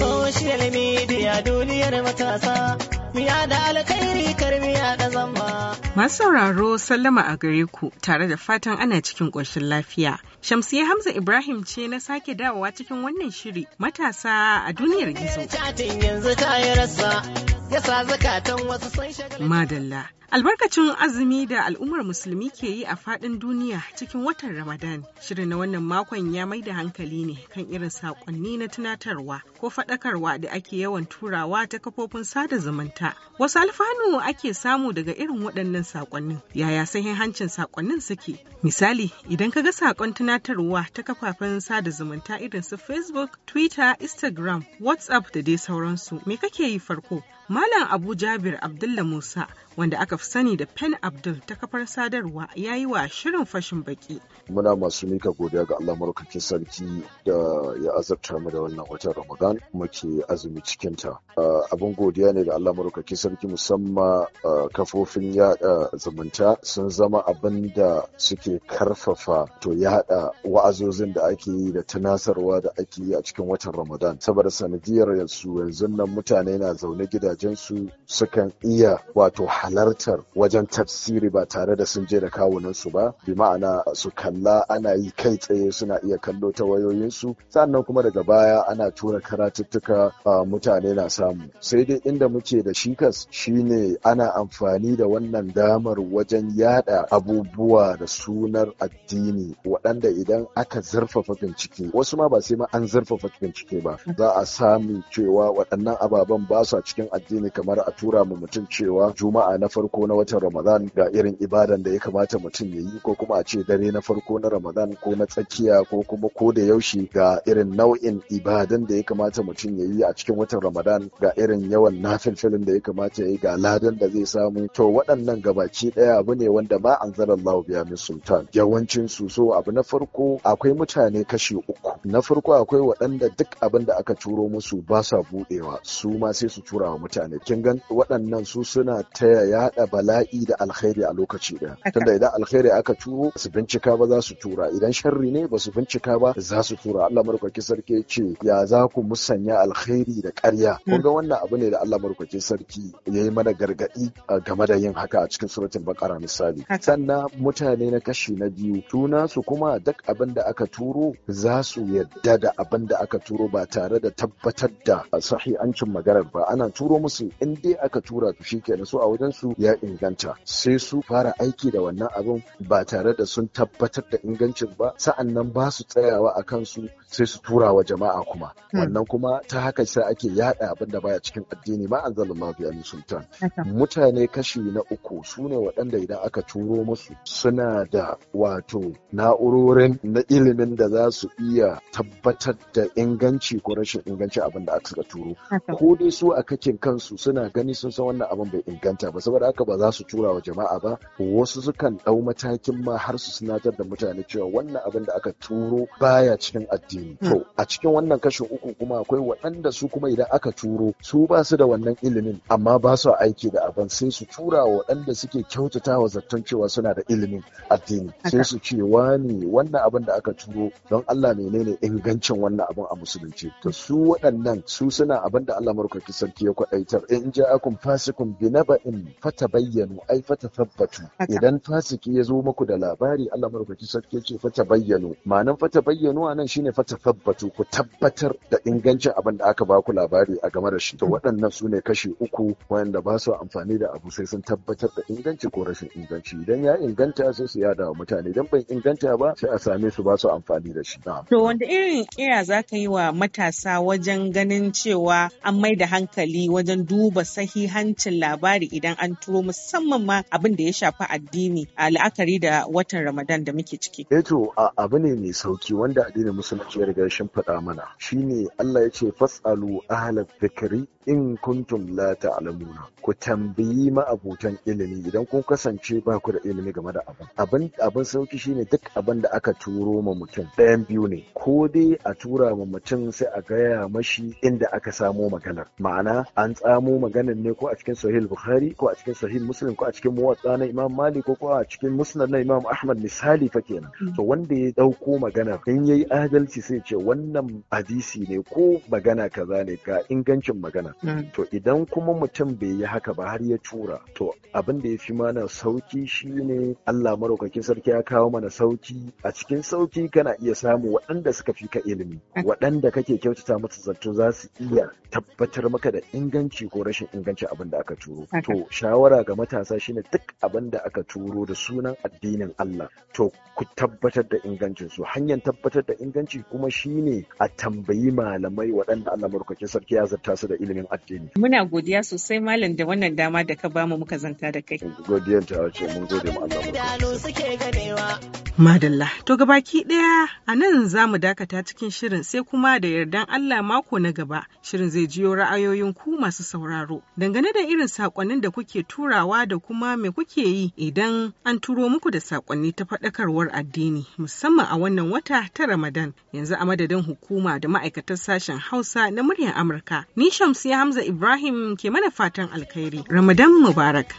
Social media duniyar matasa, miya da alkhairi karmiya da zamba. Masu sauraro sallama a gare ku tare da fatan ana cikin ƙoshin lafiya. Shamsiyya Hamza Ibrahim ce na sake dawowa cikin wannan shiri matasa a duniyar gizo. Madalla. Albarkacin azumi da al'ummar musulmi ke yi a faɗin duniya cikin watan Ramadan, shirin na wannan makon ya mai da hankali ne kan irin saƙonni na tunatarwa ko faɗakarwa da ake yawan turawa ta kafofin sada zumunta. Wasu alfanu ake samu daga irin waɗannan saƙonnin, yaya hancin saƙonnin suke? Misali, idan ka ga saƙon tunatarwa ta kafafen sada zumunta irin su Facebook, Twitter, Instagram, WhatsApp da dai sauransu, me kake yi farko? Malam Abu Jabir Abdullah Musa, wanda aka sani da Pen Abdul ta kafar sadarwa ya yi wa shirin fashin baki. Muna masu mika godiya ga Allah maraukakin sarki da ya azabta mu da wannan watan Ramadan muke azumi cikin ta. Abin godiya ne da Allah maraukakin sarki musamman kafofin yada zumunta sun zama abin da suke karfafa to yada wa'azozin da ake yi da tunasarwa da ake yi a cikin watan Ramadan. Saboda sanadiyar yanzu yanzu nan mutane na zaune gidajensu sukan iya wato halarta buƙatar wajen tafsiri ba tare da sun je da kawunansu ba bi ma'ana su kalla ana yi kai tsaye suna iya kallo ta wayoyinsu sannan kuma daga baya ana tura karatuttuka mutane na samu sai dai inda muke da shikas shine ana amfani da wannan damar wajen yada abubuwa da sunar addini waɗanda idan aka zurfafa bincike wasu ma ba sai ma an zurfafa bincike ba za a samu cewa waɗannan ababen ba su cikin addini kamar a tura mu mutum cewa juma'a na farko farko na watan Ramadan ga irin ibadan da ya kamata mutum ya yi ko kuma a ce dare na farko na Ramadan ko na tsakiya ko kuma ko da yaushe ga irin nau'in ibadan da ya kamata mutum ya yi a cikin watan Ramadan ga irin yawan nafilfilin da ya kamata ya yi ga ladan da zai samu to waɗannan gabaki ɗaya abu ne wanda ba an zara Allah biya min sultan yawancin su so abu na farko akwai mutane kashi uku na farko akwai waɗanda duk abin da aka turo musu ba sa buɗewa su ma sai su tura wa mutane kin gan waɗannan su suna ta yaɗa hada bala'i da alkhairi a lokaci daya tunda idan alkhairi aka turo su bincika ba za su tura idan sharri ne ba su bincika ba za su tura Allah madaukakin sarki ce ya za ku musanya alkhairi da ƙarya hmm. kun ga wannan abu ne da Allah madaukakin sarki ya yi mana gargadi game da yin haka a cikin suratul baqara misali sannan mutane na kashi na biyu tuna su kuma duk abin da aka turo za su yadda da abin da aka turo ba tare da tabbatar da sahihancin maganar ba ana turo musu in dai aka tura su kenan so a wajen su ya inganta sai su fara aiki da wannan abin ba tare da sun tabbatar da ingancin ba sa'an nan ba su tsayawa a kansu sai su tura wa jama'a kuma hmm. wannan kuma ta haka sai ake yada abin da baya cikin addini ma anzalallahu sultan mutane kashi na uku su ne waɗanda idan aka turo musu suna da wato na'urorin na ilimin da za su iya tabbatar da inganci ko rashin inganci abin da aka turo ko dai su a kakin kansu suna gani sun san wannan abin bai inganta ba saboda haka ba za su tura wa jama'a ba wasu sukan ɗau matakin ma har su sunatar da mutane cewa wannan abin da aka turo baya cikin addini hmm. to a cikin wannan kashin uku kuma akwai waɗanda su kuma idan aka turo su ba su da wannan ilimin amma ba su aiki da abin sai su tura wa waɗanda suke kyautata wa zaton cewa suna da ilimin addini sai su ce wani wannan abin da aka turo don Allah menene ingancin wannan abin a musulunci to su waɗannan su suna abin da Allah marka sarki ya kwadaitar in ja'akum fasikum bi naba'in fata tabayyanu ai fa tabbatu idan fasiki ya zo muku da labari Allah madaukakin sarki ce fa tabayyanu ma'anan fa tabayyanu anan shine fa tabbatu ku tabbatar da ingancin abin da aka baku labari a game da shi to mm-hmm. waɗannan su ne kashi uku wanda ba su amfani da abu sai sun tabbatar da inganci ko rashin inganci idan ya inganta sai su yada wa mutane idan bai inganta ba sai a same su ba su amfani da shi to wanda irin kira ka yi wa matasa wajen ganin cewa an mai da hankali wajen duba sahihancin labari idan an turo musamman ma abin da ya shafi addini a la'akari da watan Ramadan da muke ciki? E, to abu ne mai sauki wanda addinin musulunci ya riga shin faɗa mana shine Allah ya ce fasalu ahalar fikiri in kuntum la ta'lamuna ku tambayi ma'abutan ilimi idan kun kasance ba ku da ilimi game da abin abin sauki shine duk abin da aka turo ma mutum ɗayan biyu ne ko dai a tura ma mutum sai a gaya mashi inda aka samo maganar ma'ana an tsamo maganar ne ko a cikin sahih bukhari ko a cikin sahih muslim ko a cikin muwatta na imam malik ko a cikin musnad na imam ahmad misali fa kenan hmm. to wanda ya dauko maganar in yayi adalci sai ce wannan hadisi ne ko magana kaza ne ga ingancin magana Mm. to idan kuma mutum bai yi haka ba har ya tura to abin da ya fi mana sauki shine Allah maraukakin sarki ya kawo mana sauki a cikin sauki kana iya samu waɗanda suka fi ka ilimi waɗanda kake kyautata musu zato za su iya tabbatar maka da inganci ko rashin inganci abin da aka turo to shawara ga matasa shine duk abin da aka turo da sunan addinin Allah to ku tabbatar da ingancin su hanyar tabbatar da inganci kuma shine a tambayi malamai waɗanda Allah maraukakin sarki ya zarta su da ilimin cikin addini. Muna godiya sosai malam da wannan dama da ka bamu muka zanta da kai. Godiyar ta ce mun gode mu Allah. Madalla, to gabaki ɗaya a nan za mu dakata cikin shirin sai kuma da yardan Allah mako na gaba shirin zai jiyo ra'ayoyin ku masu sauraro dangane da irin sakonnin da kuke turawa da kuma me kuke yi idan an turo muku da saƙonni ta faɗakarwar addini musamman a wannan wata ta Ramadan yanzu a madadin hukuma da ma'aikatar sashen Hausa na muryar Amurka. Ni Shamsiya Hamza Ibrahim ke mana fatan alkhairi. Ramadan Mubarak.